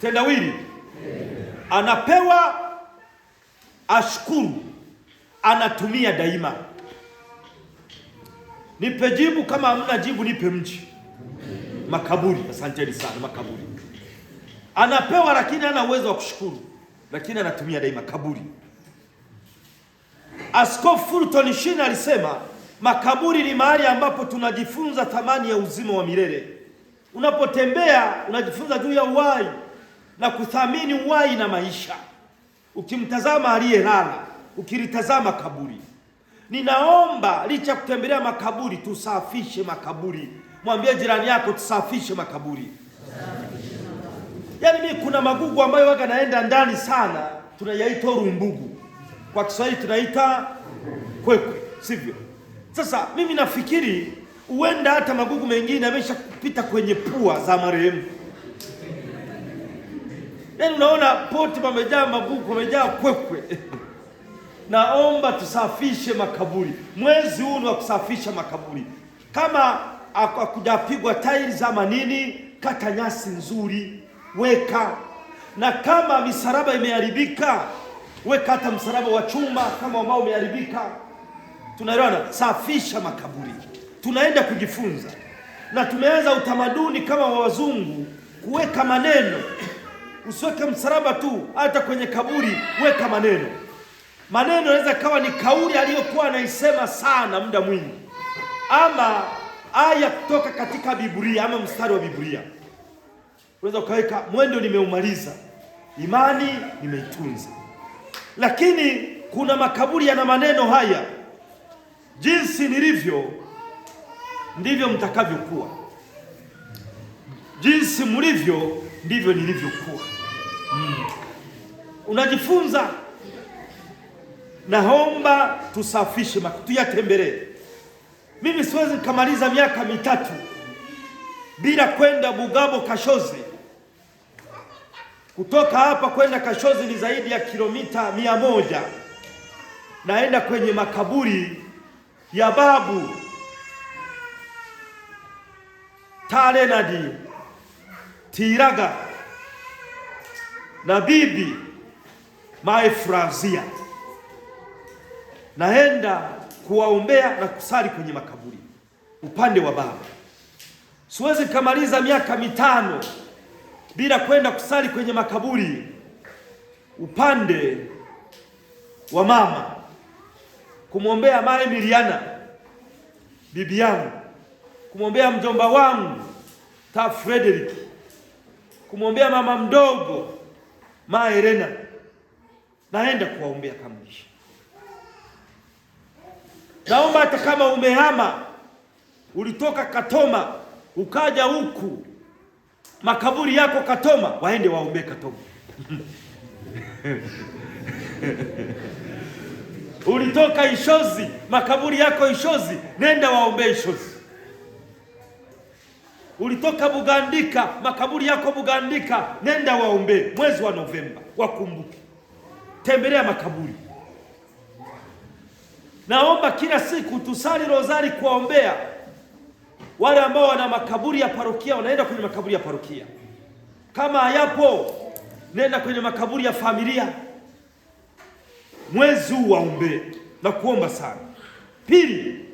Tendawili anapewa, ashukuru, anatumia daima. Nipe jibu kama hamna jibu, nipe mji. Makaburi, asanteni sana makaburi. Anapewa lakini hana uwezo wa kushukuru, lakini anatumia daima kaburi. Askofu Fulton Sheen alisema makaburi ni mahali ambapo tunajifunza thamani ya uzima wa milele. Unapotembea unajifunza juu ya uhai na kuthamini uhai na maisha, ukimtazama aliyelala, ukilitazama kaburi. Ninaomba licha kutembelea makaburi, tusafishe makaburi. Mwambie jirani yako, tusafishe makaburi. Yaani mimi kuna magugu ambayo waga naenda ndani sana, tunayaita rumbugu, kwa Kiswahili tunaita kwekwe, sivyo? Sasa mimi nafikiri huenda hata magugu mengine amesha kupita kwenye pua za marehemu. Yaani unaona poti pamejaa magugu, pamejaa kwekwe. Naomba tusafishe makaburi. Mwezi huu ni wa kusafisha makaburi. Kama hakujapigwa tairi ama nini, kata nyasi nzuri, weka. Na kama misaraba imeharibika, weka hata msalaba wa chuma kama ambao umeharibika. Tunaelewana? Safisha makaburi tunaenda kujifunza, na tumeanza utamaduni kama wa wazungu kuweka maneno. Usiweke msalaba tu, hata kwenye kaburi weka maneno. Maneno yanaweza kawa ni kauli aliyokuwa anaisema sana muda mwingi, ama aya kutoka katika Biblia ama mstari wa Biblia. Unaweza ukaweka mwendo, nimeumaliza, imani nimeitunza. Lakini kuna makaburi yana maneno haya, jinsi nilivyo ndivyo mtakavyokuwa. Jinsi mlivyo ndivyo nilivyokuwa. Mm. Unajifunza. Naomba tusafishe tuyatembelee. Mimi siwezi nikamaliza miaka mitatu bila kwenda Bugabo Kashozi. Kutoka hapa kwenda Kashozi ni zaidi ya kilomita mia moja. Naenda kwenye makaburi ya babu di Tiraga na bibi Maefrazia. Naenda kuwaombea na kusali kwenye makaburi upande wa baba. Siwezi kamaliza miaka mitano bila kwenda kusali kwenye makaburi upande wa mama kumwombea Mama Emiliana bibi yangu kumwombea mjomba wangu ta Frederick, kumwombea mama mdogo ma Elena, naenda kuwaombea kamlisha. Naomba hata kama umehama ulitoka Katoma ukaja huku, makaburi yako Katoma, waende waombee Katoma. Ulitoka Ishozi, makaburi yako Ishozi, nenda waombee Ishozi. Ulitoka Bugandika, makaburi yako Bugandika, nenda waombee. Mwezi wa Novemba wakumbuke, tembelea makaburi. Naomba kila siku tusali rozari kuwaombea wale ambao wana makaburi ya parokia. Wanaenda kwenye makaburi ya parokia, kama hayapo nenda kwenye makaburi ya familia. Mwezi huu waombee na kuomba sana. Pili,